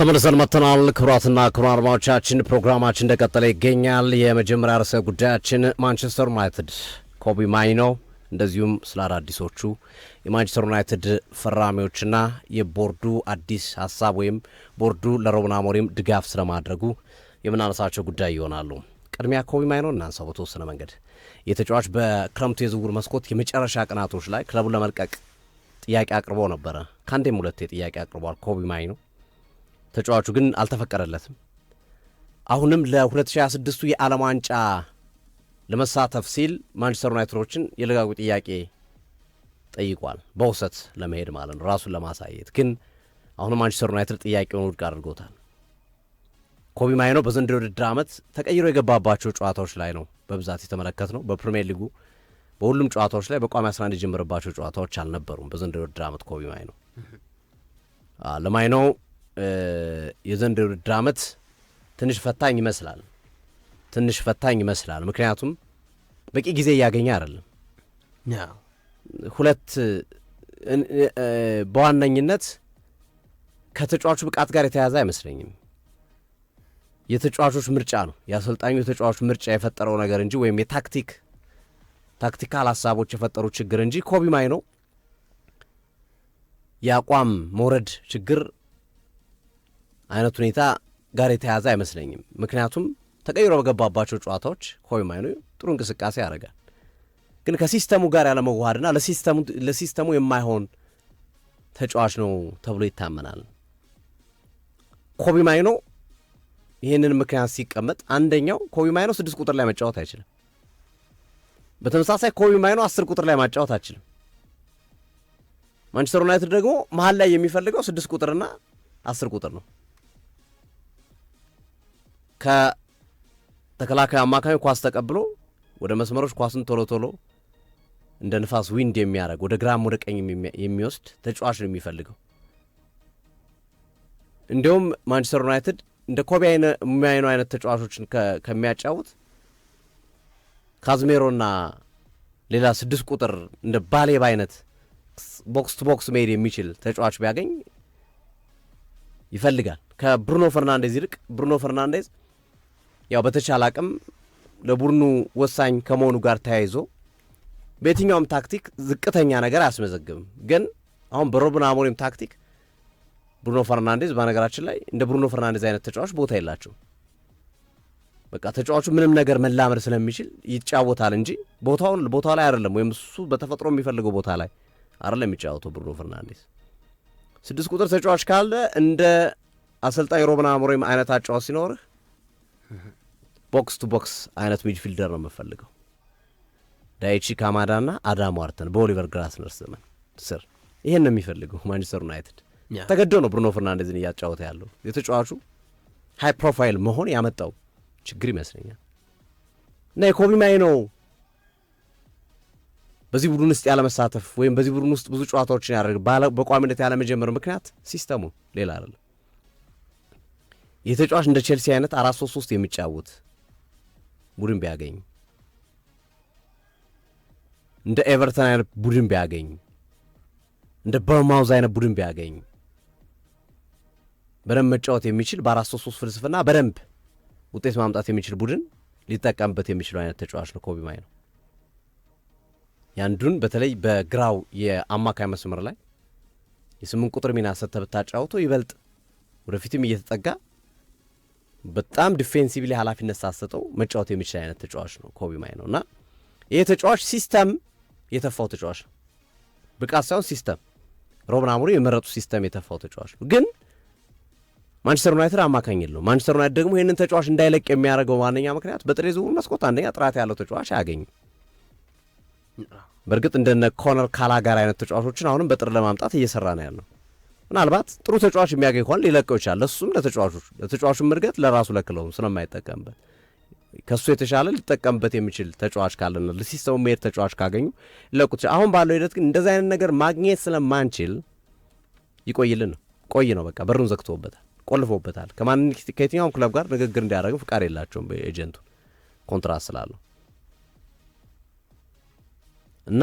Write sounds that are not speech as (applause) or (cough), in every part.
ተመልሰን መጥተናል። ክቡራትና ክቡራን አድማጮቻችን ፕሮግራማችን እንደቀጠለ ይገኛል። የመጀመሪያ ርዕሰ ጉዳያችን ማንቸስተር ዩናይትድ ኮቢ ማይኖ እንደዚሁም ስለ አዳዲሶቹ የማንቸስተር ዩናይትድ ፈራሚዎችና የቦርዱ አዲስ ሀሳብ ወይም ቦርዱ ለሩበን አሞሪም ድጋፍ ስለማድረጉ የምናነሳቸው ጉዳይ ይሆናሉ። ቅድሚያ ኮቢ ማይኖ እናንሳው። በተወሰነ መንገድ የተጫዋች በክረምቱ የዝውውር መስኮት የመጨረሻ ቀናቶች ላይ ክለቡን ለመልቀቅ ጥያቄ አቅርቦ ነበረ። ከአንዴም ሁለቴ ጥያቄ አቅርቧል ኮቢ ማይኖ ተጫዋቹ ግን አልተፈቀደለትም። አሁንም ለ2026ቱ የዓለም ዋንጫ ለመሳተፍ ሲል ማንቸስተር ዩናይትዶችን የልቃቁ ጥያቄ ጠይቋል። በውሰት ለመሄድ ማለት ነው፣ ራሱን ለማሳየት ግን አሁን ማንቸስተር ዩናይትድ ጥያቄውን ውድቅ አድርጎታል። ኮቢ ማይኖ በዘንድሮ ውድድር ዓመት ተቀይሮ የገባባቸው ጨዋታዎች ላይ ነው በብዛት የተመለከት ነው። በፕሪሚየር ሊጉ በሁሉም ጨዋታዎች ላይ በቋሚ 11 የጀመረባቸው ጨዋታዎች አልነበሩም። በዘንድሮ ውድድር ዓመት ኮቢ ማይኖ ለማይኖ የዘንድሮ ውድድር ዓመት ትንሽ ፈታኝ ይመስላል። ትንሽ ፈታኝ ይመስላል። ምክንያቱም በቂ ጊዜ እያገኘ አይደለም። ሁለት በዋነኝነት ከተጫዋቹ ብቃት ጋር የተያዘ አይመስለኝም። የተጫዋቾች ምርጫ ነው የአሰልጣኙ የተጫዋቹ ምርጫ የፈጠረው ነገር እንጂ ወይም የታክቲክ ታክቲካል ሀሳቦች የፈጠሩ ችግር እንጂ ኮቢ ማይኖ የአቋም መውረድ ችግር አይነት ሁኔታ ጋር የተያዘ አይመስለኝም። ምክንያቱም ተቀይሮ በገባባቸው ጨዋታዎች ሆይ ማይኑ ጥሩ እንቅስቃሴ ያደርጋል። ግን ከሲስተሙ ጋር ያለመዋሃድና ለሲስተሙ የማይሆን ተጫዋች ነው ተብሎ ይታመናል። ኮቢ ማይኖ ይህንን ምክንያት ሲቀመጥ አንደኛው ኮቢ ማይኖ ስድስት ቁጥር ላይ መጫወት አይችልም። በተመሳሳይ ኮቢ ማይኖ አስር ቁጥር ላይ ማጫወት አይችልም። ማንቸስተር ዩናይትድ ደግሞ መሀል ላይ የሚፈልገው ስድስት ቁጥርና አስር ቁጥር ነው። ከተከላካይ አማካኝ ኳስ ተቀብሎ ወደ መስመሮች ኳስን ቶሎ ቶሎ እንደ ንፋስ ዊንድ የሚያደርግ ወደ ግራም ወደ ቀኝ የሚወስድ ተጫዋች ነው የሚፈልገው። እንዲሁም ማንቸስተር ዩናይትድ እንደ ኮቢ የሚያይኑ አይነት ተጫዋቾችን ከሚያጫውት ካዝሜሮና ሌላ ስድስት ቁጥር እንደ ባሌባ አይነት ቦክስ ቱ ቦክስ መሄድ የሚችል ተጫዋች ቢያገኝ ይፈልጋል። ከብሩኖ ፈርናንዴዝ ይልቅ ብሩኖ ፈርናንዴዝ ያው በተቻለ አቅም ለቡድኑ ወሳኝ ከመሆኑ ጋር ተያይዞ በየትኛውም ታክቲክ ዝቅተኛ ነገር አያስመዘግብም። ግን አሁን በሮብን አሞሪም ታክቲክ ብሩኖ ፈርናንዴዝ በነገራችን ላይ እንደ ብሩኖ ፈርናንዴዝ አይነት ተጫዋች ቦታ የላቸው። በቃ ተጫዋቹ ምንም ነገር መላመድ ስለሚችል ይጫወታል እንጂ ቦታውን ቦታው ላይ አይደለም፣ ወይም እሱ በተፈጥሮ የሚፈልገው ቦታ ላይ አይደለም የሚጫወተው ብሩኖ ፈርናንዴዝ። ስድስት ቁጥር ተጫዋች ካለ እንደ አሰልጣኝ ሮብን አሞሪም አይነት አጫዋች ሲኖርህ ቦክስ ቱ ቦክስ አይነት ሚድፊልደር ነው የምፈልገው። ዳይቺ ካማዳና አዳም ዋርተን በኦሊቨር ግራስነር ዘመን ስር ይሄን ነው የሚፈልገው ማንቸስተር ዩናይትድ። ተገዶ ነው ብሩኖ ፈርናንዴዝን እያጫወተ ያለው። የተጫዋቹ ሃይ ፕሮፋይል መሆን ያመጣው ችግር ይመስለኛል እና የኮቢ ማይኖ በዚህ ቡድን ውስጥ ያለመሳተፍ ወይም በዚህ ቡድን ውስጥ ብዙ ጨዋታዎችን ያደርግ በቋሚነት ያለመጀመር ምክንያት ሲስተሙ ሌላ አይደለም። የተጫዋች እንደ ቼልሲ አይነት አራት ሶስት ሶስት የሚጫወት ቡድን ቢያገኝ እንደ ኤቨርተን አይነት ቡድን ቢያገኝ እንደ በርማውዝ አይነት ቡድን ቢያገኝ በደንብ መጫወት የሚችል በአራት ሶስት ሶስት ፍልስፍና በደንብ ውጤት ማምጣት የሚችል ቡድን ሊጠቀምበት የሚችለው አይነት ተጫዋች ነው ኮቢ ማይኖ። ያንዱን በተለይ በግራው የአማካይ መስመር ላይ የስምንት ቁጥር ሚና ሰጥተህ ብታጫውተው ይበልጥ ወደፊትም እየተጠጋ በጣም ዲፌንሲቭ ላይ ኃላፊነት ሳሰጠው መጫወት የሚችል አይነት ተጫዋች ነው ኮቢ ማይኖ እና ይህ ተጫዋች ሲስተም የተፋው ተጫዋች ነው። ብቃት ሳይሆን ሲስተም ሮብን አሞሪም የመረጡ ሲስተም የተፋው ተጫዋች ነው። ግን ማንቸስተር ዩናይትድ አማካኝ የለውም። ማንቸስተር ዩናይትድ ደግሞ ይህንን ተጫዋች እንዳይለቅ የሚያደርገው ዋነኛ ምክንያት በጥሬ ዝውውር መስኮት አንደኛ ጥራት ያለው ተጫዋች አያገኝም። በእርግጥ እንደነ ኮነር ካላጋር አይነት ተጫዋቾችን አሁንም በጥር ለማምጣት እየሰራ ነው ያለው። ምናልባት ጥሩ ተጫዋች የሚያገኝ ከሆነ ሊለቀው ይችላል። ለሱም ለተጫዋቾች ለተጫዋቹም እድገት ለራሱ ለክለውም ስለማይጠቀምበት ከሱ የተሻለ ሊጠቀምበት የሚችል ተጫዋች ካለና ለሲስተሙ መሄድ ተጫዋች ካገኙ ይለቁት። አሁን ባለው ሂደት ግን እንደዚህ አይነት ነገር ማግኘት ስለማንችል ይቆይልን ነው ቆይ ነው በቃ በሩን ዘግቶበታል፣ ቆልፎበታል። ከማን ከየትኛውም ክለብ ጋር ንግግር እንዲያደርግም ፍቃድ የላቸውም ኤጀንቱ ኮንትራት ስላለው እና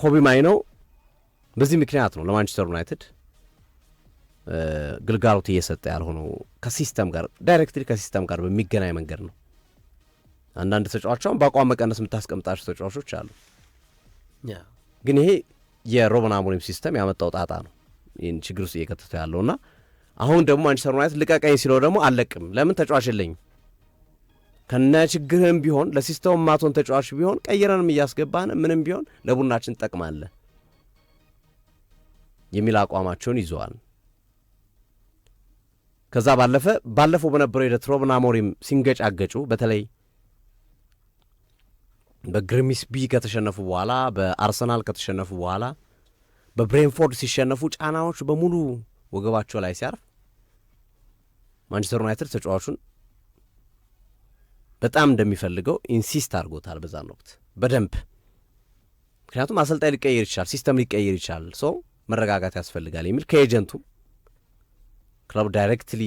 ኮቢ ነው በዚህ ምክንያት ነው ለማንቸስተር ዩናይትድ ግልጋሎት እየሰጠ ያልሆነው ከሲስተም ጋር ዳይሬክትሊ ከሲስተም ጋር በሚገናኝ መንገድ ነው። አንዳንድ ተጫዋቾች በአቋም መቀነስ የምታስቀምጣቸው ተጫዋቾች አሉ። ግን ይሄ የሮበን አሞሪም ሲስተም ያመጣው ጣጣ ነው ይህን ችግር ውስጥ እየከተተ ያለው እና አሁን ደግሞ ማንቸስተር ዩናይትድ ልቀቀኝ ሲለው ደግሞ አለቅም ለምን ተጫዋች የለኝም፣ ከነ ችግርህም ቢሆን ለሲስተም ማቶን ተጫዋች ቢሆን ቀይረንም እያስገባን ምንም ቢሆን ለቡናችን ጠቅማለህ የሚል አቋማቸውን ይዘዋል። ከዛ ባለፈ ባለፈው በነበረው ሂደት ሮብን አሞሪም ሲንገጫገጩ በተለይ በግሪምስቢ ከተሸነፉ በኋላ በአርሰናል ከተሸነፉ በኋላ በብሬንፎርድ ሲሸነፉ ጫናዎች በሙሉ ወገባቸው ላይ ሲያርፍ ማንቸስተር ዩናይትድ ተጫዋቹን በጣም እንደሚፈልገው ኢንሲስት አድርጎታል። በዛን ወቅት በደንብ ምክንያቱም አሰልጣኝ ሊቀየር ይችላል፣ ሲስተም ሊቀየር ይችላል ሰው መረጋጋት ያስፈልጋል የሚል ከኤጀንቱ ክለብ ዳይሬክትሊ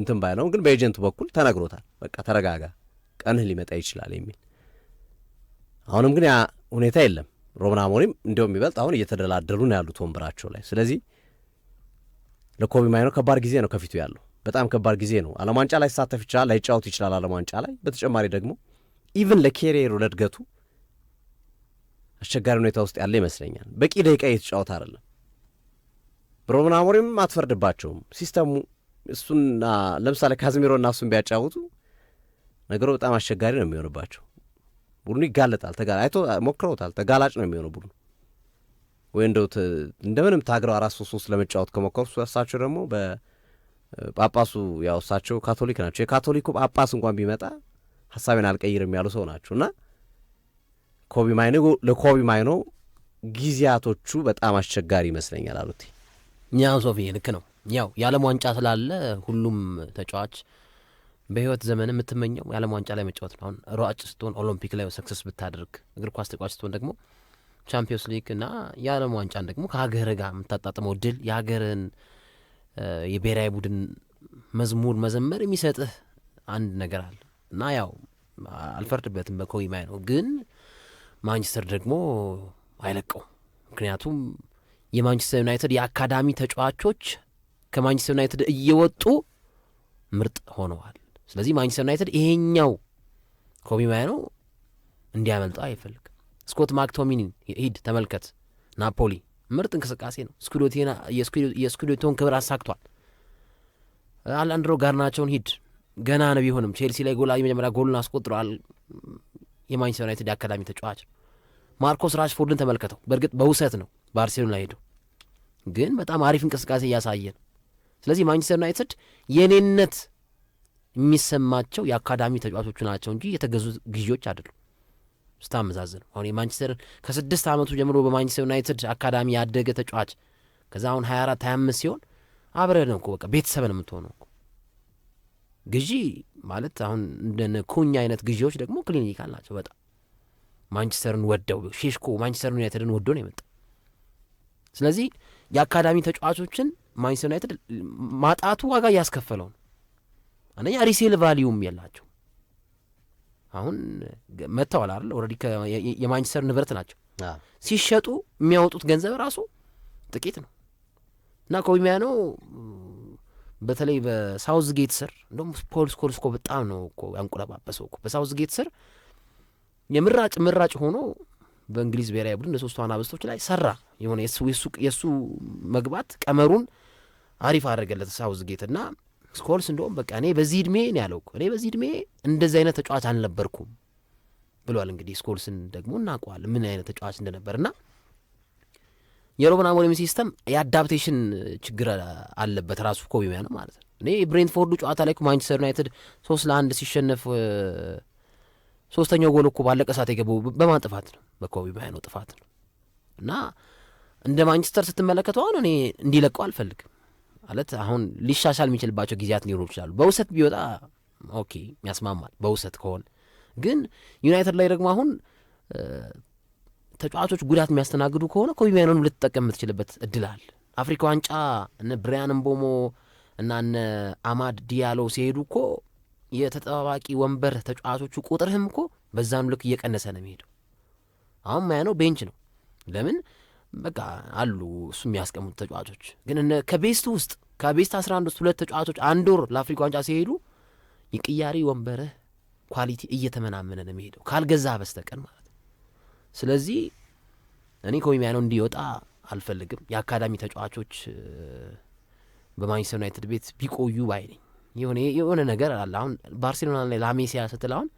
እንትን ባይለው ግን በኤጀንቱ በኩል ተነግሮታል። በቃ ተረጋጋ፣ ቀንህ ሊመጣ ይችላል የሚል አሁንም ግን ያ ሁኔታ የለም። ሮብን አሞሪም እንዲያውም ይበልጥ አሁን እየተደላደሉ ነው ያሉት ወንበራቸው ላይ። ስለዚህ ለኮቢ ማይኖ ከባድ ጊዜ ነው ከፊቱ ያለው፣ በጣም ከባድ ጊዜ ነው። ዓለም ዋንጫ ላይ ሳተፍ ይችላል፣ ላይጫወት ይችላል ዓለም ዋንጫ ላይ። በተጨማሪ ደግሞ ኢቨን ለኬሪየሩ ለእድገቱ አስቸጋሪ ሁኔታ ውስጥ ያለ ይመስለኛል። በቂ ደቂቃ እየተጫወት አይደለም። ሩበን አሞሪም አትፈርድባቸውም። ሲስተሙ እሱና ለምሳሌ እና እሱን ቢያጫውቱ ነገሩ በጣም አስቸጋሪ ነው የሚሆንባቸው። ቡድኑ ይጋለጣል። አይቶ ሞክረውታል። ተጋላጭ ነው የሚሆነው ቡድኑ ወይ እንደው እንደምንም ታግረው አራት ሶስት ሶስት ለመጫወት ከሞከሩ እሳቸው ደግሞ በጳጳሱ ያው እሳቸው ካቶሊክ ናቸው። የካቶሊኩ ጳጳስ እንኳን ቢመጣ ሀሳቤን አልቀይርም ያሉ ሰው ናቸው እና ኮቢ ማይኖ ለኮቢ ማይኖ ጊዜያቶቹ በጣም አስቸጋሪ ይመስለኛል አሉት። ኒያዞቪ ልክ ነው። ያው የዓለም ዋንጫ ስላለ ሁሉም ተጫዋች በህይወት ዘመን የምትመኘው የዓለም ዋንጫ ላይ መጫወት ነው። አሁን ሯጭ ስትሆን ኦሎምፒክ ላይ ሰክሰስ ብታደርግ፣ እግር ኳስ ተጫዋች ስትሆን ደግሞ ቻምፒዮንስ ሊግ እና የዓለም ዋንጫን ደግሞ ከሀገር ጋር የምታጣጥመው ድል የሀገርን የብሔራዊ ቡድን መዝሙር መዘመር የሚሰጥህ አንድ ነገር አለ እና ያው አልፈርድበትም። በኮቢማይ ነው ግን ማንቸስተር ደግሞ አይለቀው ምክንያቱም የማንቸስተር ዩናይትድ የአካዳሚ ተጫዋቾች ከማንቸስተር ዩናይትድ እየወጡ ምርጥ ሆነዋል። ስለዚህ ማንቸስተር ዩናይትድ ይሄኛው ኮቢ ማያኖ እንዲያመልጠው አይፈልግም። ስኮት ማክቶሚኒ ሂድ ተመልከት፣ ናፖሊ ምርጥ እንቅስቃሴ ነው። የስኩዴቶን ክብር አሳክቷል። አላንድሮ ጋርናቸውን ሂድ ገና ነው ቢሆንም ቼልሲ ላይ ጎላ የመጀመሪያ ጎሉን አስቆጥረዋል። የማንቸስተር ዩናይትድ የአካዳሚ ተጫዋች ማርኮስ ራሽፎርድን ተመልከተው። በእርግጥ በውሰት ነው ባርሴሎና ሄደው ግን በጣም አሪፍ እንቅስቃሴ እያሳየ ነው። ስለዚህ ማንቸስተር ዩናይትድ የኔነት የሚሰማቸው የአካዳሚ ተጫዋቾቹ ናቸው እንጂ የተገዙ ግዢዎች አይደሉም። ስታመዛዝን አሁን የማንቸስተር ከስድስት ዓመቱ ጀምሮ በማንቸስተር ዩናይትድ አካዳሚ ያደገ ተጫዋች ከዛ አሁን አራት 24 አምስት ሲሆን አብረህ ነው እኮ በቃ ቤተሰብ ነው የምትሆነው ግዢ ማለት አሁን እንደነ ኩኝ አይነት ግዢዎች ደግሞ ክሊኒካል ናቸው። በጣም ማንቸስተርን ወደው ሼሽኮ ማንቸስተር ዩናይትድን ወዶ ነው የመጣ ስለዚህ የአካዳሚ ተጫዋቾችን ማንቸስተር ዩናይትድ ማጣቱ ዋጋ እያስከፈለው ነው። አንደኛ ሪሴል ቫሊዩም የላቸው አሁን መጥተዋል አይደል? ኦልሬዲ የማንቸስተር ንብረት ናቸው። ሲሸጡ የሚያወጡት ገንዘብ ራሱ ጥቂት ነው እና ኮቢሚያኖ በተለይ በሳውዝ ጌት ስር እንደም ፖል ስኮልስ እኮ በጣም ነው እኮ ያንቆለጳጰሰው እኮ በሳውዝ ጌት ስር የምራጭ ምራጭ ሆኖ በእንግሊዝ ብሔራዊ ቡድን ለሶስቱ አናበስቶች ላይ ሰራ። የሆነ የእሱ መግባት ቀመሩን አሪፍ አደረገለት ሳውዝጌት እና ስኮልስ እንደውም በቃ እኔ በዚህ እድሜ ነው ያለው እኔ በዚህ እድሜ እንደዚህ አይነት ተጫዋች አልነበርኩም ብሏል። እንግዲህ ስኮልስን ደግሞ እናውቀዋል ምን አይነት ተጫዋች እንደነበር እና የሮብን አሞሪም ሲስተም የአዳፕቴሽን ችግር አለበት ራሱ ኮቢ ማያኖ ማለት ነው። እኔ ብሬንትፎርዱ ጨዋታ ላይ ማንቸስተር ዩናይትድ ሶስት ለአንድ ሲሸነፍ ሶስተኛው ጎል እኮ ባለቀ ሰዓት የገቡ በማን ጥፋት ነው? በኮቢ ማያኖ ጥፋት ነው። እና እንደ ማንቸስተር ስትመለከተው አሁን እኔ እንዲለቀው አልፈልግም ማለት አሁን ሊሻሻል የሚችልባቸው ጊዜያት ሊኖሩ ይችላሉ። በውሰት ቢወጣ ኦኬ ያስማማል፣ በውሰት ከሆነ ግን ዩናይትድ ላይ ደግሞ አሁን ተጫዋቾች ጉዳት የሚያስተናግዱ ከሆነ ኮቢ ማያኖን ልትጠቀም የምትችልበት እድል አለ። አፍሪካ ዋንጫ እነ ብሪያን ምቦሞ እና እነ አማድ ዲያሎ ሲሄዱ እኮ የተጠባባቂ ወንበር ተጫዋቾቹ ቁጥርህም እኮ በዛም ልክ እየቀነሰ ነው የሚሄደው። አሁን ማያ ነው ቤንች ነው። ለምን በቃ አሉ እሱ የሚያስቀሙት ተጫዋቾች ግን ከቤስት ውስጥ ከቤስት አስራ አንድ ውስጥ ሁለት ተጫዋቾች አንድ ወር ለአፍሪካ ዋንጫ ሲሄዱ የቅያሪ ወንበርህ ኳሊቲ እየተመናመነ ነው የሚሄደው ካልገዛ በስተቀር ማለት ነው። ስለዚህ እኔ ነው እንዲወጣ አልፈልግም። የአካዳሚ ተጫዋቾች በማንቸስተር ዩናይትድ ቤት ቢቆዩ ባይ ነኝ። የሆነ የሆነ ነገር አለ። አሁን ባርሴሎና ላይ ላሜሲያ ስትል አሁን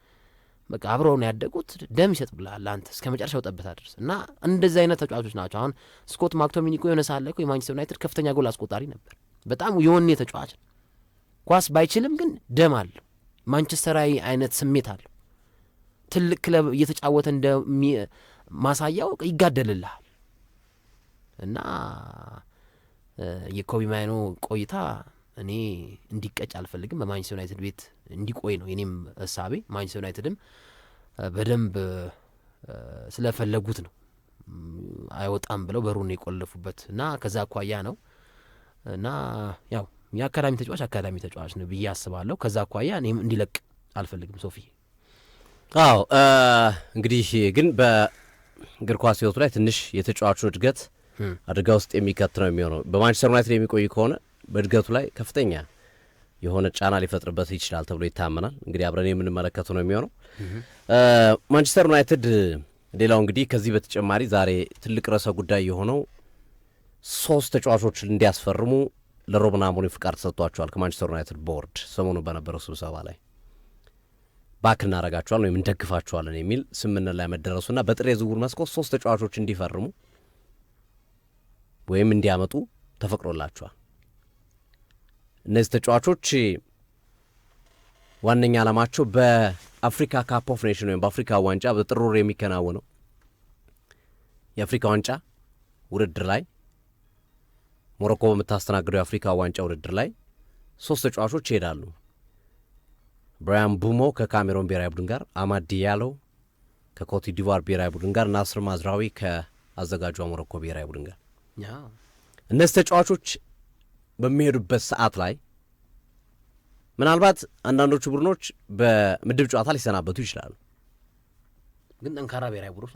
በቃ አብረው ነው ያደጉት። ደም ይሰጥ ብላል አንተ እስከ መጨረሻው ጠብታ ድረስ እና እንደዚህ አይነት ተጫዋቾች ናቸው። አሁን ስኮት ማክቶሚኒኮ የሆነ ሳለ እኮ የማንቸስተር ዩናይትድ ከፍተኛ ጎል አስቆጣሪ ነበር። በጣም የሆኔ ተጫዋች ነው። ኳስ ባይችልም ግን ደም አለው። ማንቸስተራዊ አይነት ስሜት አለው። ትልቅ ክለብ እየተጫወተ እንደ ማሳያው ይጋደልልሃል እና የኮቢ ማይኖ ቆይታ እኔ እንዲቀጭ አልፈልግም። በማንቸስተር ዩናይትድ ቤት እንዲቆይ ነው የኔም እሳቤ። ማንቸስተር ዩናይትድም በደንብ ስለፈለጉት ነው አይወጣም ብለው በሩን የቆለፉበት እና ከዛ አኳያ ነው እና ያው የአካዳሚ ተጫዋች አካዳሚ ተጫዋች ነው ብዬ አስባለሁ። ከዛ አኳያ እኔም እንዲለቅ አልፈልግም። ሶፊ አዎ፣ እንግዲህ ግን በእግር ኳስ ህይወቱ ላይ ትንሽ የተጫዋቹ እድገት አደጋ ውስጥ የሚከት ነው የሚሆነው። በማንቸስተር ዩናይትድ የሚቆይ ከሆነ በእድገቱ ላይ ከፍተኛ የሆነ ጫና ሊፈጥርበት ይችላል ተብሎ ይታመናል። እንግዲህ አብረን የምንመለከቱ ነው የሚሆነው። ማንቸስተር ዩናይትድ ሌላው እንግዲህ ከዚህ በተጨማሪ ዛሬ ትልቅ ርዕሰ ጉዳይ የሆነው ሶስት ተጫዋቾች እንዲያስፈርሙ ለሮብን አሞሪም ፍቃድ ተሰጥቷቸዋል ከማንቸስተር ዩናይትድ ቦርድ ሰሞኑ በነበረው ስብሰባ ላይ ባክ እናረጋቸዋለን ወይም እንደግፋቸዋለን የሚል ስምምነት ላይ መደረሱና በጥሬ የዝውውር መስኮት ሶስት ተጫዋቾች እንዲፈርሙ ወይም እንዲያመጡ ተፈቅዶላቸዋል። እነዚህ ተጫዋቾች ዋነኛ ዓላማቸው በአፍሪካ ካፕ ኦፍ ኔሽን ወይም በአፍሪካ ዋንጫ በጥር ወር የሚከናወነው የአፍሪካ ዋንጫ ውድድር ላይ ሞሮኮ በምታስተናግደው የአፍሪካ ዋንጫ ውድድር ላይ ሶስት ተጫዋቾች ይሄዳሉ። ብራያን ቡሞ ከካሜሮን ብሔራዊ ቡድን ጋር፣ አማዲ ያሎ ከኮቲ ዲቫር ብሔራዊ ቡድን ጋር፣ ናስር ማዝራዊ ከአዘጋጇ ሞሮኮ ብሔራዊ ቡድን ጋር እነዚህ ተጫዋቾች በሚሄዱበት ሰዓት ላይ ምናልባት አንዳንዶቹ ቡድኖች በምድብ ጨዋታ ሊሰናበቱ ይችላሉ። ግን ጠንካራ ብሔራዊ ቡድኖች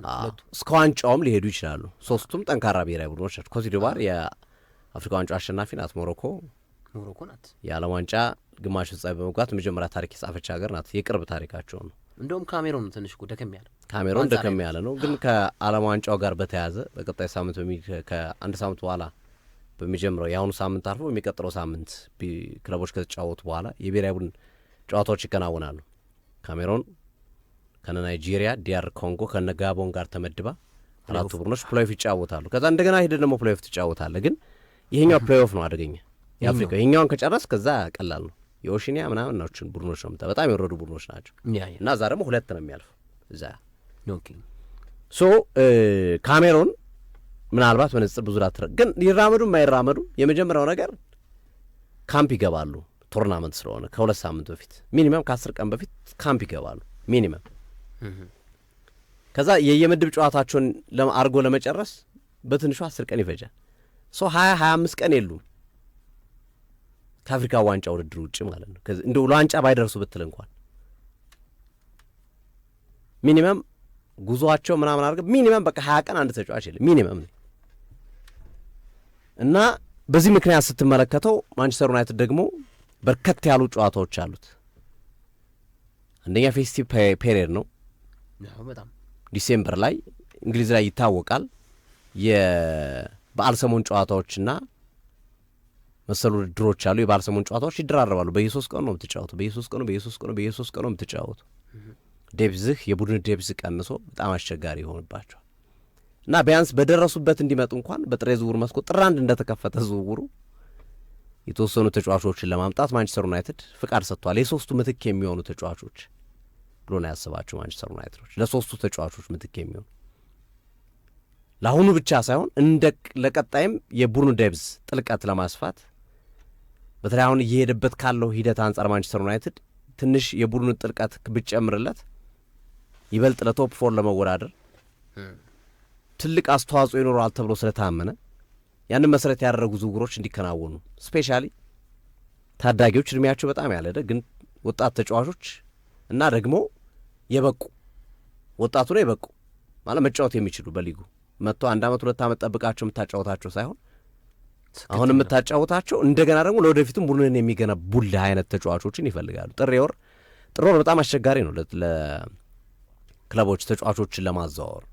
እስከ ዋንጫውም ሊሄዱ ይችላሉ። ሶስቱም ጠንካራ ብሔራዊ ቡድኖች ናቸው። ኮትዲቯር የአፍሪካ ዋንጫ አሸናፊ ናት። ሞሮኮ ሞሮኮ ናት። የዓለም ዋንጫ ግማሽ ፍጻሜ በመግባት መጀመሪያ ታሪክ የጻፈች ሀገር ናት። የቅርብ ታሪካቸው ነው። እንደውም ካሜሮን ትንሽ ደከም ያለ ካሜሮን ደከም ያለ ነው። ግን ከዓለም ዋንጫው ጋር በተያያዘ በቀጣይ ሳምንት በሚ ከአንድ ሳምንት በኋላ በሚጀምረው የአሁኑ ሳምንት አልፎ የሚቀጥለው ሳምንት ክለቦች ከተጫወቱ በኋላ የብሔራዊ ቡድን ጨዋታዎች ይከናወናሉ። ካሜሮን ከነ ናይጄሪያ፣ ዲያር ኮንጎ ከነ ጋቦን ጋር ተመድባ አራቱ ቡድኖች ፕሌይኦፍ ይጫወታሉ። ከዛ እንደገና ሄደ ደግሞ ፕሌይኦፍ ትጫወታለ። ግን ይሄኛው ፕሌይኦፍ ነው አደገኛ የአፍሪካ ይሄኛውን ከጨረስ ከዛ ቀላል ነው። የኦሽኒያ ምናምን ናችን ቡድኖች ነው በጣም የወረዱ ቡድኖች ናቸው። እና እዛ ደግሞ ሁለት ነው የሚያልፈው እዛ ሶ ካሜሮን ምናልባት መነጽር ብዙ ላትረ ግን ሊራመዱ የማይራመዱ የመጀመሪያው ነገር ካምፕ ይገባሉ። ቶርናመንት ስለሆነ ከሁለት ሳምንት በፊት ሚኒመም ከአስር ቀን በፊት ካምፕ ይገባሉ ሚኒመም። ከዛ የየምድብ ጨዋታቸውን አድርጎ ለመጨረስ በትንሹ አስር ቀን ይፈጃል። ሶ ሀያ ሀያ አምስት ቀን የሉም ከአፍሪካ ዋንጫ ውድድር ውጭ ማለት ነው። እንደ ለዋንጫ ባይደርሱ ብትል እንኳን ሚኒመም ጉዞአቸው ምናምን አድርገ ሚኒመም በቃ ሀያ ቀን አንድ ተጫዋች የለም ሚኒመም ነው። እና በዚህ ምክንያት ስትመለከተው ማንቸስተር ዩናይትድ ደግሞ በርከት ያሉ ጨዋታዎች አሉት። አንደኛ ፌስቲቭ ፔሪየድ ነው፣ ዲሴምበር ላይ እንግሊዝ ላይ ይታወቃል። የበዓል ሰሞን ጨዋታዎችና መሰሉ ውድድሮች አሉ። የበዓል ሰሞን ጨዋታዎች ይደራረባሉ። በየሶስት ቀኑ ነው የምትጫወቱ፣ በየሶስት ቀኑ በየሶስት ቀኑ በየሶስት ቀኑ ነው የምትጫወቱ። ደብዝህ የቡድን ዴብዝ ቀንሶ በጣም አስቸጋሪ ይሆንባቸዋል። እና ቢያንስ በደረሱበት እንዲመጡ እንኳን በጥሬ ዝውውር መስኮት ጥር አንድ እንደተከፈተ ዝውውሩ የተወሰኑ ተጫዋቾችን ለማምጣት ማንቸስተር ዩናይትድ ፍቃድ ሰጥቷል። የሶስቱ ምትክ የሚሆኑ ተጫዋቾች ብሎ ነው ያስባቸው ማንቸስተር ዩናይትዶች ለሶስቱ ተጫዋቾች ምትክ የሚሆኑ ለአሁኑ ብቻ ሳይሆን እንደ ለቀጣይም የቡድኑ ደብዝ ጥልቀት ለማስፋት በተለይ አሁን እየሄደበት ካለው ሂደት አንጻር ማንቸስተር ዩናይትድ ትንሽ የቡድኑ ጥልቀት ብጨምርለት ይበልጥ ለቶፕ ፎር ለመወዳደር ትልቅ አስተዋጽኦ ይኖረዋል ተብሎ ስለታመነ ያንን መሰረት ያደረጉ ዝውውሮች እንዲከናወኑ ስፔሻሊ ታዳጊዎች እድሜያቸው በጣም ያለደ ግን ወጣት ተጫዋቾች እና ደግሞ የበቁ ወጣቱ ነው የበቁ ማለት መጫወት የሚችሉ በሊጉ መጥቶ አንድ ዓመት ሁለት ዓመት ጠብቃቸው የምታጫወታቸው ሳይሆን አሁን የምታጫወታቸው እንደገና ደግሞ ለወደፊቱም ቡድንን የሚገነቡልህ አይነት ተጫዋቾችን ይፈልጋሉ። ጥር ወር ጥር ወር በጣም አስቸጋሪ ነው ለክለቦች ተጫዋቾችን ለማዘዋወር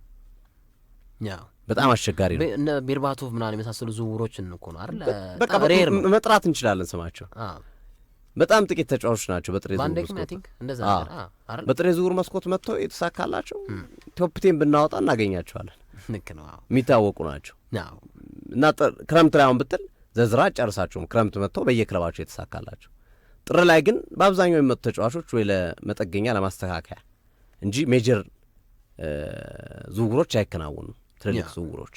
በጣም አስቸጋሪ ነው። እነ ቤርባቶቭ ምናምን የመሳሰሉ ዝውውሮችን እኮ ነው አይደል መጥራት እንችላለን። ስማቸው በጣም ጥቂት ተጫዋቾች ናቸው በጥሬ ዝውውር መስኮት መጥተው የተሳካላቸው ቶፕቴን ብናወጣ እናገኛቸዋለን። የሚታወቁ ናቸው እና ክረምት ላይ አሁን ብትል ዘዝራ ጨርሳቸውም ክረምት መጥተው በየክለባቸው የተሳካላቸው ጥር ላይ ግን በአብዛኛው የሚመጡ ተጫዋቾች ወይ ለመጠገኛ ለማስተካከያ እንጂ ሜጀር ዝውውሮች አይከናወኑም። ትልልቅ ዝውውሮች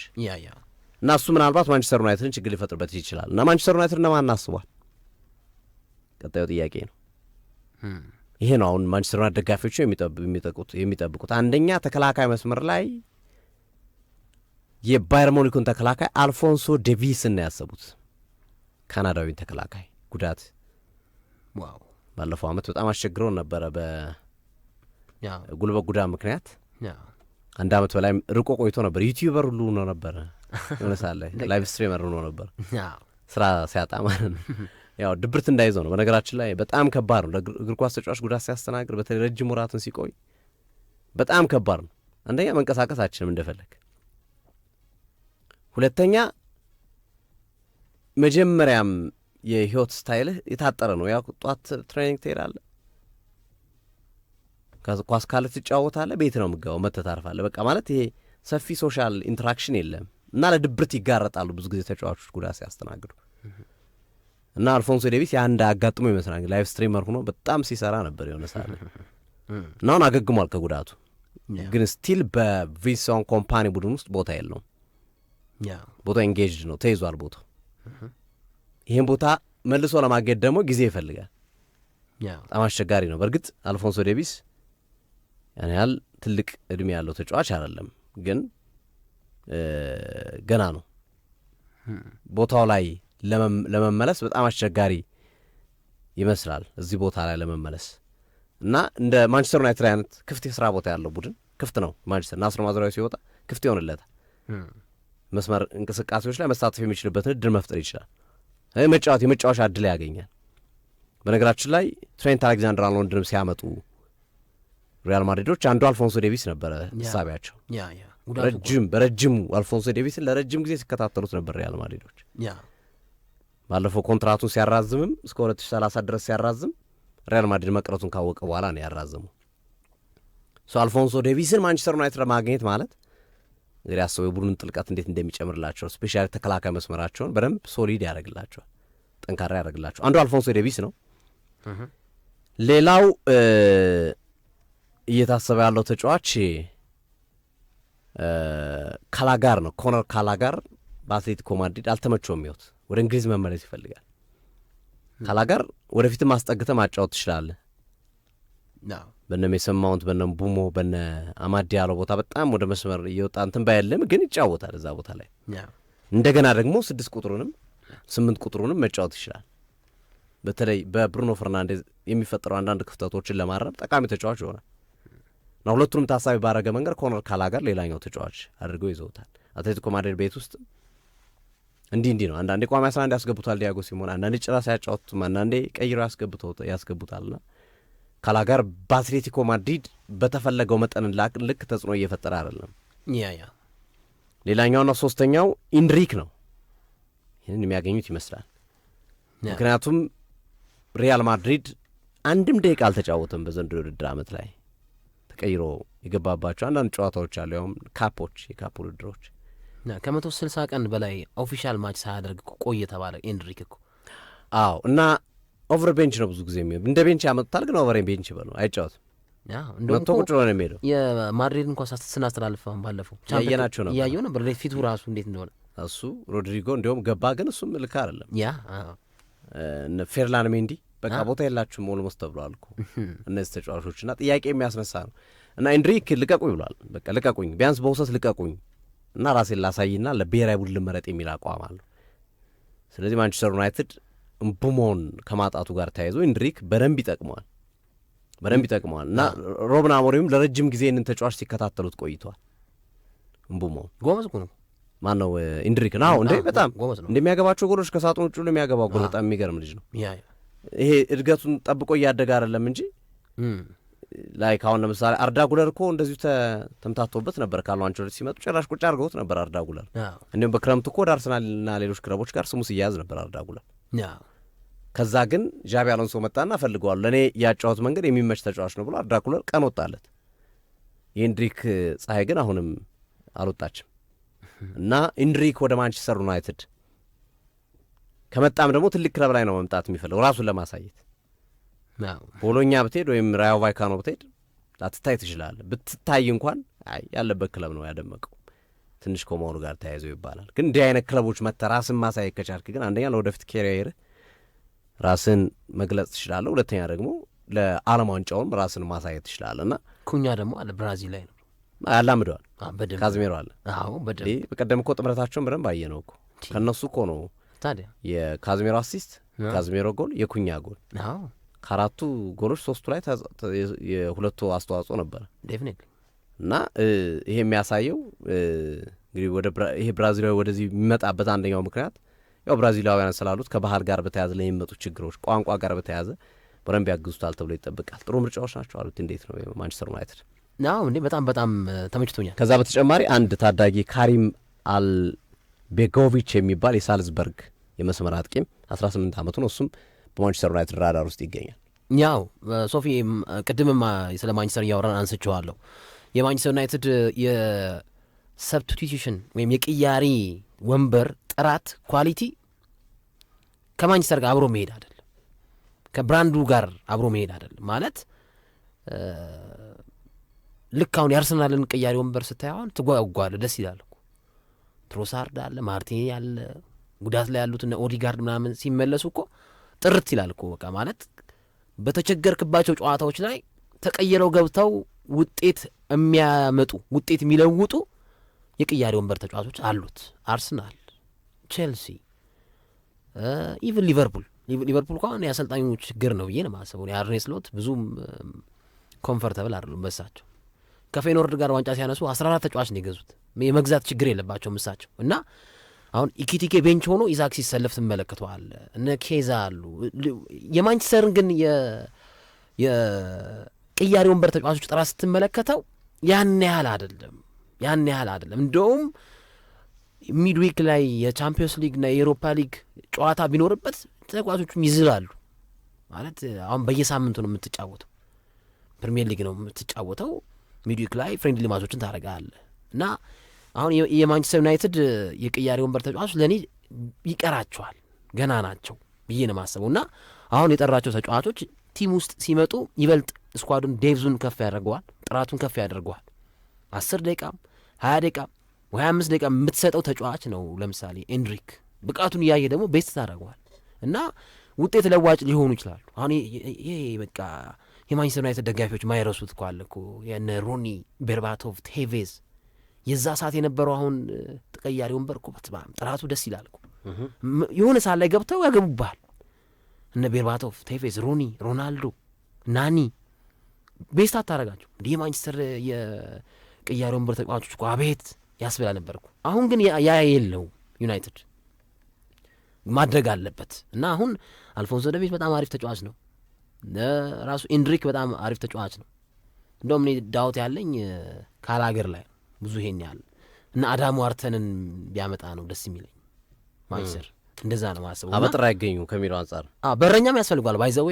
እና እሱ ምናልባት ማንቸስተር ዩናይትድን ችግር ሊፈጥርበት ይችላል። እና ማንቸስተር ዩናይትድ ለማን እናስቧል? ቀጣዩ ጥያቄ ነው። hmm. ይሄ ነው አሁን ማንቸስተር ዩናይትድ ደጋፊዎች የሚጠብቁት። አንደኛ ተከላካይ መስመር ላይ የባየር ሞኒኩን ተከላካይ አልፎንሶ ዴቪስን ነው ያሰቡት፣ ካናዳዊን ተከላካይ ጉዳት ባለፈው አመት በጣም አስቸግረውን ነበረ በጉልበት ጉዳት ምክንያት አንድ አመት በላይ ርቆ ቆይቶ ነበር። ዩቲዩበር ሁሉ ሆኖ ነበር፣ (laughs) የሆነ ላይ ላይቭ ስትሪመር ሆኖ ነበር፣ ስራ ሲያጣ ማለት ነው። (laughs) ያው ድብርት እንዳይዘው ነው። በነገራችን ላይ በጣም ከባድ ነው እግር ኳስ ተጫዋች ጉዳት ሲያስተናግድ፣ በተለይ ረጅም ወራትን ሲቆይ በጣም ከባድ ነው። አንደኛ መንቀሳቀስ አችንም እንደፈለግ፣ ሁለተኛ መጀመሪያም የህይወት ስታይልህ የታጠረ ነው። ያው ጧት ትሬኒንግ ትሄዳለህ ኳስ ካለ ትጫወታለ ቤት ነው የምገባው፣ መተህ ታርፋለህ። በቃ ማለት ይሄ ሰፊ ሶሻል ኢንተራክሽን የለም እና ለድብርት ይጋረጣሉ ብዙ ጊዜ ተጫዋቾች ጉዳት ሲያስተናግዱ እና አልፎንሶ ዴቪስ የአንድ አጋጥሞ ይመስላል ላይፍ ስትሪመር ሆኖ በጣም ሲሰራ ነበር የሆነ ሳለ (laughs) እና አሁን አገግሟል ከጉዳቱ ግን ስቲል በቪንሰን ኮምፓኒ ቡድን ውስጥ ቦታ የለውም። ቦታ ኤንጌጅድ ነው ተይዟል ቦታው። ይህን ቦታ መልሶ ለማግኘት ደግሞ ጊዜ ይፈልጋል። በጣም አስቸጋሪ ነው። በእርግጥ አልፎንሶ ዴቪስ ያን ያህል ትልቅ እድሜ ያለው ተጫዋች አይደለም፣ ግን ገና ነው። ቦታው ላይ ለመመለስ በጣም አስቸጋሪ ይመስላል፣ እዚህ ቦታ ላይ ለመመለስ እና እንደ ማንቸስተር ዩናይትድ አይነት ክፍት የስራ ቦታ ያለው ቡድን ክፍት ነው። ማንቸስተር ናስር ማዝራዊ ሲወጣ ክፍት ይሆንለታል። መስመር እንቅስቃሴዎች ላይ መሳተፍ የሚችልበትን እድል መፍጠር ይችላል። መጫወት የመጫወቻ እድል ያገኛል። በነገራችን ላይ ትሬንት አሌክዛንደር አርኖልድንም ሲያመጡ ሪያል ማድሪዶች አንዱ አልፎንሶ ዴቪስ ነበረ ሳቢያቸው ረጅም በረጅሙ አልፎንሶ ዴቪስን ለረጅም ጊዜ ሲከታተሉት ነበር ሪያል ማድሪዶች። ባለፈው ኮንትራቱን ሲያራዝምም እስከ 2030 ድረስ ሲያራዝም ሪያል ማድሪድ መቅረቱን ካወቀ በኋላ ነው ያራዘሙ። አልፎንሶ ዴቪስን ማንቸስተር ዩናይትድ ለማግኘት ማለት እንግዲህ አስበው የቡድኑን ጥልቀት እንዴት እንደሚጨምርላቸው ስፔሻሊ ተከላካይ መስመራቸውን በደንብ ሶሊድ ያደርግላቸዋል፣ ጠንካራ ያደርግላቸዋል። አንዱ አልፎንሶ ዴቪስ ነው። ሌላው እየታሰበ ያለው ተጫዋች ካላጋር ነው። ኮነር ካላጋር በአትሌቲኮ ማድሪድ አልተመቸውም። ይወት ወደ እንግሊዝ መመለስ ይፈልጋል። ካላጋር ወደፊትም አስጠግተ ማጫወት ትችላለ። በነ ሜሰን ማውንት፣ በነ ቡሞ፣ በነ አማዲ ያለው ቦታ በጣም ወደ መስመር እየወጣ እንትን ባያለም ግን ይጫወታል እዛ ቦታ ላይ። እንደገና ደግሞ ስድስት ቁጥሩንም ስምንት ቁጥሩንም መጫወት ይችላል። በተለይ በብሩኖ ፈርናንዴዝ የሚፈጠሩ አንዳንድ ክፍተቶችን ለማረም ጠቃሚ ተጫዋች ይሆናል። እና ሁለቱንም ታሳቢ ባረገ መንገድ ኮነር ካላጋር ሌላኛው ተጫዋች አድርገው ይዘውታል። አትሌቲኮ ማድሪድ ቤት ውስጥ እንዲህ እንዲህ ነው። አንዳንዴ ቋሚ አስራ አንድ ያስገቡታል ዲያጎ ሲሞን፣ አንዳንዴ ጭራ ያጫወቱትም፣ አንዳንዴ ቀይሮ ያስገቡታልና ካላጋር በአትሌቲኮ ማድሪድ በተፈለገው መጠን ልክ ተጽዕኖ እየፈጠረ አይደለም። ያ ሌላኛውና ሶስተኛው ኢንድሪክ ነው። ይህንን የሚያገኙት ይመስላል። ምክንያቱም ሪያል ማድሪድ አንድም ደቂቃ አልተጫወተም በዘንድሮ ውድድር ዓመት ላይ ቀይሮ የገባባቸው አንዳንድ ጨዋታዎች አሉ። ያውም ካፖች የካፕ ውድድሮች ከመቶ ስልሳ ቀን በላይ ኦፊሻል ማች ሳያደርግ ቆየ ተባለ ኤንድሪክ እኮ አዎ። እና ኦቨር ቤንች ነው ብዙ ጊዜ የሚሆን እንደ ቤንች ያመጡታል፣ ግን ኦቨር ቤንች በሉ አይጫወትም። መቶ ቁጭ ሆነ የሚሄደው። የማድሪድ ኳስ ስናስተላልፈን ባለፈው ያየናቸው ነው እያየው ነበር ፊቱ ራሱ እንዴት እንደሆነ እሱ ሮድሪጎ እንዲሁም ገባ፣ ግን እሱም ልክ አይደለም። ያ ፌርላን ሜንዲ በቃ ቦታ የላችሁም ኦልሞስት ተብሏል እኮ እነዚህ ተጫዋቾች ተጫዋቾችና ጥያቄ የሚያስነሳ ነው። እና ኤንድሪክ ልቀቁኝ ብሏል። በቃ ልቀቁኝ፣ ቢያንስ በውሰት ልቀቁኝ እና ራሴን ላሳይና ለብሔራዊ ቡድን ልመረጥ የሚል አቋም አለው። ስለዚህ ማንቸስተር ዩናይትድ እምቡሞን ከማጣቱ ጋር ተያይዞ ኢንድሪክ በደንብ ይጠቅመዋል በደንብ ይጠቅመዋል እና ሮብን አሞሪም ለረጅም ጊዜ ይህንን ተጫዋች ሲከታተሉት ቆይተዋል። እምቡሞን ጎበዝ ነው ማን ነው ኢንድሪክ ነው እንዴ በጣም እንደሚያገባቸው ጎሎች ከሳጥን ውጭ የሚያገባው ጎል በጣም የሚገርም ልጅ ነው። ይሄ እድገቱን ጠብቆ እያደገ አይደለም እንጂ ላይክ አሁን ለምሳሌ አርዳ ጉለር እኮ እንደዚሁ ተምታቶበት ነበር። ካርሎ አንቸሎቲ ሲመጡ ጭራሽ ቁጭ አድርገውት ነበር አርዳ ጉለር። እንዲሁም በክረምት እኮ ወደ አርሰናልና ሌሎች ክለቦች ጋር ስሙ ሲያያዝ ነበር አርዳ ጉለር። ከዛ ግን ዣቢ አሎንሶ መጣና ፈልገዋሉ ለእኔ ያጫወት መንገድ የሚመች ተጫዋች ነው ብሎ አርዳ ጉለር ቀን ወጣለት። የኢንድሪክ ፀሐይ ግን አሁንም አልወጣችም እና ኢንድሪክ ወደ ማንቸስተር ዩናይትድ ከመጣም ደግሞ ትልቅ ክለብ ላይ ነው መምጣት የሚፈልገው ራሱን ለማሳየት። ቦሎኛ ብትሄድ ወይም ራዮ ቫይካኖ ብትሄድ ላትታይ ትችላለ ብትታይ እንኳን ያለበት ክለብ ነው ያደመቀው ትንሽ ከመሆኑ ጋር ተያይዞ ይባላል። ግን እንዲህ አይነት ክለቦች መጥተህ ራስን ማሳየት ከቻልክ ግን አንደኛ ለወደፊት ኬሪየርህ ራስን መግለጽ ትችላለ ሁለተኛ ደግሞ ለዓለም ዋንጫውም ራስን ማሳየት ትችላለ። እና ኩኛ ደግሞ አለ ብራዚል ላይ ነው ያላምደዋል። ካዝሜሮ አለ። በቀደም እኮ ጥምረታቸውን በደንብ አየነው እኮ ከእነሱ እኮ ነው ታዲያ የካዝሜሮ አሲስት፣ ካዝሜሮ ጎል፣ የኩኛ ጎል ከአራቱ ጎሎች ሶስቱ ላይ የሁለቱ አስተዋጽኦ ነበረ እና ይሄ የሚያሳየው እንግዲህ ወደ ይሄ ብራዚላዊ ወደዚህ የሚመጣበት አንደኛው ምክንያት ያው ብራዚላውያን ስላሉት ከባህል ጋር በተያዘ ለሚመጡ ችግሮች ቋንቋ ጋር በተያዘ በደንብ ያግዙታል ተብሎ ይጠብቃል። ጥሩ ምርጫዎች ናቸው አሉት። እንዴት ነው ማንቸስተር ዩናይትድ? አዎ እንዴ በጣም በጣም ተመችቶኛል። ከዛ በተጨማሪ አንድ ታዳጊ ካሪም አል ቤጎቪች የሚባል የሳልዝበርግ የመስመር አጥቂም 18 ዓመቱ ነው። እሱም በማንቸስተር ዩናይትድ ራዳር ውስጥ ይገኛል። ያው ሶፊ ቅድምማ ስለ ማንቸስተር እያወራን አንስችኋለሁ። የማንቸስተር ዩናይትድ የሰብስቲቱሽን ወይም የቅያሪ ወንበር ጥራት ኳሊቲ ከማንቸስተር ጋር አብሮ መሄድ አይደለም፣ ከብራንዱ ጋር አብሮ መሄድ አይደለም ማለት ልክ አሁን የአርሰናልን ቅያሪ ወንበር ስታይ አሁን ትጓጓለ፣ ደስ ይላለሁ ትሮሳርድ አለ፣ ማርቲን አለ፣ ጉዳት ላይ ያሉት ኦዲጋርድ ምናምን ሲመለሱ እኮ ጥርት ይላል እኮ በቃ ማለት በተቸገርክባቸው ጨዋታዎች ላይ ተቀይረው ገብተው ውጤት የሚያመጡ ውጤት የሚለውጡ የቅያሬ ወንበር ተጫዋቾች አሉት። አርስናል ቼልሲ፣ ኢቨን ሊቨርፑል ሊቨርፑል እንኳን የአሰልጣኙ ችግር ነው ብዬ ነው የማስበው። የአርኔ ስሎት ብዙም ኮንፈርተብል አይደሉም በሳቸው ከፌኖርድ ጋር ዋንጫ ሲያነሱ አስራ አራት ተጫዋች ነው የገዙት። የመግዛት ችግር የለባቸው ምሳቸው እና አሁን ኢኪቲኬ ቤንች ሆኖ ኢዛክ ሲሰለፍ ትመለክተዋል። እነ ኬዛ አሉ። የማንቸስተርን ግን የቅያሪ ወንበር ተጫዋቾች ጥራት ስትመለከተው ያን ያህል አይደለም፣ ያን ያህል አይደለም። እንደውም ሚድዊክ ላይ የቻምፒዮንስ ሊግና የኤሮፓ ሊግ ጨዋታ ቢኖርበት ተጫዋቾቹም ይዝላሉ ማለት አሁን በየሳምንቱ ነው የምትጫወተው፣ ፕሪሚየር ሊግ ነው የምትጫወተው። ሚድዊክ ላይ ፍሬንድሊ ማቾችን ታደርጋለህ እና አሁን የማንቸስተር ዩናይትድ የቅያሬ ወንበር ተጫዋች ለእኔ ይቀራቸዋል፣ ገና ናቸው ብዬ ነው የማስበው እና አሁን የጠራቸው ተጫዋቾች ቲም ውስጥ ሲመጡ ይበልጥ ስኳዱን ዴቭዙን ከፍ ያደርገዋል፣ ጥራቱን ከፍ ያደርገዋል። አስር ደቂቃም ሀያ ደቂቃም ወይ ሀያ አምስት ደቂቃ የምትሰጠው ተጫዋች ነው። ለምሳሌ ኤንድሪክ ብቃቱን እያየ ደግሞ ቤስት ታደርገዋል እና ውጤት ለዋጭ ሊሆኑ ይችላሉ። አሁን ይሄ በቃ የማንቸስተር ዩናይትድ ደጋፊዎች ማይረሱት እኮ አለ እኮ የነ ሮኒ ቤርባቶቭ ቴቬዝ የዛ ሰዓት የነበረው አሁን ተቀያሪ ወንበር እኮ በትማም ጥራቱ ደስ ይላል የሆነ ሰዓት ላይ ገብተው ያገቡባል። እነ ቤርባቶቭ፣ ቴፌዝ፣ ሮኒ፣ ሮናልዶ፣ ናኒ ቤስት አታረጋቸው እንዲህ የማንቸስተር የቅያሪ ወንበር ተጫዋቾች እኮ አቤት ያስብላ ነበር እኮ። አሁን ግን ያ የለው ዩናይትድ ማድረግ አለበት እና አሁን አልፎንሶ ደቤት በጣም አሪፍ ተጫዋች ነው። ራሱ ኢንድሪክ በጣም አሪፍ ተጫዋች ነው። እንደውም እኔ ዳውት ያለኝ ካላገር ላይ ብዙ ይሄን ያህል እና አዳም ዋርተንን ቢያመጣ ነው ደስ የሚለኝ ማንቸስተር እንደዛ ነው ማስበው። አበጥር አይገኙ ከሚለው አንጻር በረኛም ያስፈልጓል። ባይዘዌ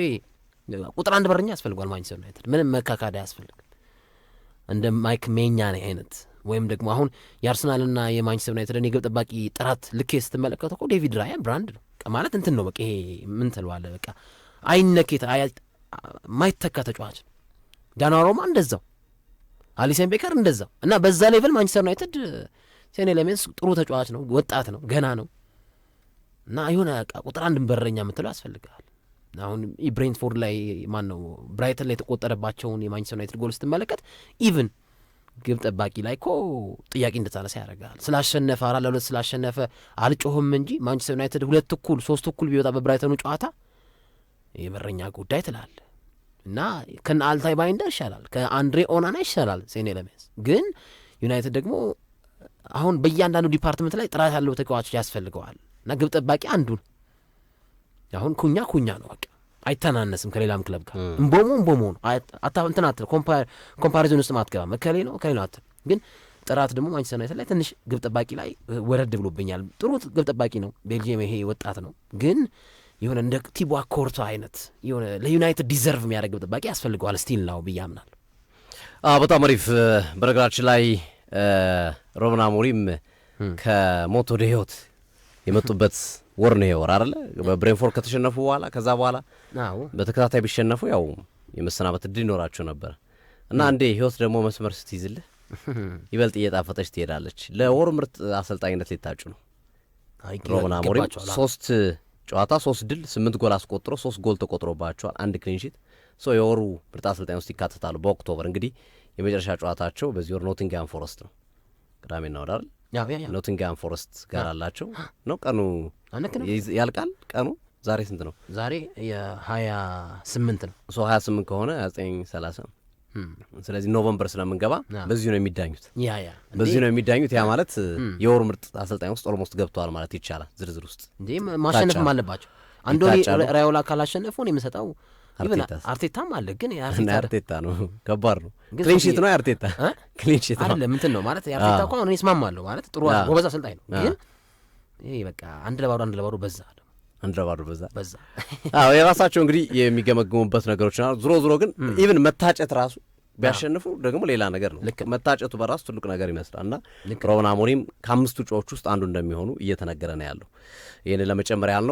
ቁጥር አንድ በረኛ ያስፈልጓል ማንቸስተር ዩናይትድ ምንም መካካድ አያስፈልግም። እንደ ማይክ ሜኛ ነ አይነት ወይም ደግሞ አሁን የአርሰናልና የማንቸስተር ዩናይትድን የግብ ጠባቂ ጥራት ልክ ስትመለከተ እኮ ዴቪድ ራያን ብራንድ ነው ማለት እንትን ነው በቃ ይሄ ምን ትለዋለህ በቃ አይነኬት ማይተካ ተጫዋች ነው። ዳናሮማ እንደዛው አሊሰን ቤከር እንደዛው እና በዛ ሌቨል ማንቸስተር ዩናይትድ ሴኔ ላሜንስ ጥሩ ተጫዋች ነው፣ ወጣት ነው፣ ገና ነው እና የሆነ ቁጥር አንድ በረኛ የምትለው ያስፈልግሃል። አሁን ብሬንትፎርድ ላይ ማን ነው ብራይተን ላይ የተቆጠረባቸውን የማንቸስተር ዩናይትድ ጎል ስትመለከት ኢቭን ግብ ጠባቂ ላይ ኮ ጥያቄ እንድታነሳ ያደርጋል። ስላሸነፈ አራት ለሁለት ስላሸነፈ አልጮህም እንጂ ማንቸስተር ዩናይትድ ሁለት እኩል ሶስት እኩል ቢወጣ በብራይተኑ ጨዋታ የበረኛ ጉዳይ ትላል። እና ከነ አልታይ ባይንደር ይሻላል፣ ከአንድሬ ኦናና ይሻላል ሴኔ ለሜንስ። ግን ዩናይትድ ደግሞ አሁን በእያንዳንዱ ዲፓርትመንት ላይ ጥራት ያለው ተጫዋቾች ያስፈልገዋል እና ግብ ጠባቂ አንዱ ነው። አሁን ኩኛ ኩኛ ነው በቃ አይተናነስም ከሌላም ክለብ ጋር እምቦሞ እምቦሞ ነው። እንትን አትል ኮምፓሪዞን ውስጥ ማትገባ መከሌ ነው ከሌ ነው አትል። ግን ጥራት ደግሞ ማንቸስተር ዩናይትድ ላይ ትንሽ ግብ ጠባቂ ላይ ወረድ ብሎብኛል። ጥሩ ግብ ጠባቂ ነው ቤልጅየም፣ ይሄ ወጣት ነው ግን የሆነ እንደ ቲቦ ኮርቶ አይነት የሆነ ለዩናይትድ ዲዘርቭ የሚያደርግብ ጠባቂ ያስፈልገዋል ስቲል ነው ብዬ አምናለሁ። በጣም አሪፍ። በነገራችን ላይ ሮብና አሞሪም ከሞት ወደ ህይወት የመጡበት ወር ነው ይወር አለ በብሬንፎርድ ከተሸነፉ በኋላ ከዛ በኋላ በተከታታይ ቢሸነፉ ያው የመሰናበት እድል ይኖራቸው ነበር እና እንዴ ህይወት ደግሞ መስመር ስትይዝልህ (laughs) ይበልጥ እየጣፈጠች ትሄዳለች። ለወሩ ምርጥ አሰልጣኝነት ሊታጩ ነው ሮብና አሞሪም ሶስት ጨዋታ ሶስት ድል ስምንት ጎል አስቆጥሮ ሶስት ጎል ተቆጥሮባቸዋል። አንድ ክሊንሺት ሰው የወሩ ምርጥ አሰልጣኝ ውስጥ ይካተታሉ። በኦክቶበር እንግዲህ የመጨረሻ ጨዋታቸው በዚህ ወር ኖቲንግሃም ፎረስት ነው። ቅዳሜና ወዳል ኖቲንግሃም ፎረስት ጋር አላቸው ነው። ቀኑ ያልቃል። ቀኑ ዛሬ ስንት ነው? ዛሬ የሀያ ስምንት ነው። ሶ ሀያ ስምንት ከሆነ ሀያ ዘጠኝ ሰላሳ ስለዚህ ኖቨምበር ስለምንገባ በዚሁ ነው የሚዳኙት፣ በዚሁ ነው የሚዳኙት። ያ ማለት የወር ምርጥ አሰልጣኝ ውስጥ ኦልሞስት ገብተዋል ማለት ይቻላል። ዝርዝር ውስጥ እንዴ ማሸነፍም አለባቸው። አንዱ ራዮላ ካላሸነፉ ነው የምሰጠው። አርቴታም አለ ግን አርቴታ ነው ከባድ ነው። ክሊንሺት ነው አርቴታ ክሊንሺት አለ ምንትን ነው ማለት የአርቴታ እኮ እኔ እስማማለሁ ማለት ጥሩ ጎበዝ አሰልጣኝ ነው፣ ግን ይሄ በቃ አንድ ለባዶ አንድ ለባዶ በዛ አንድረባሩ በዛ በዛ። (laughs) የራሳቸው እንግዲህ የሚገመግሙበት ነገሮች ዝሮ ዝሮ ግን ኢቭን መታጨት ራሱ ቢያሸንፉ ደግሞ ሌላ ነገር ነው። መታጨቱ በራሱ ትልቅ ነገር ይመስላል እና ሮብን አሞሪም ከአምስቱ እጩዎች ውስጥ አንዱ እንደሚሆኑ እየተነገረ ነው ያለው። ይህን ለመጨመር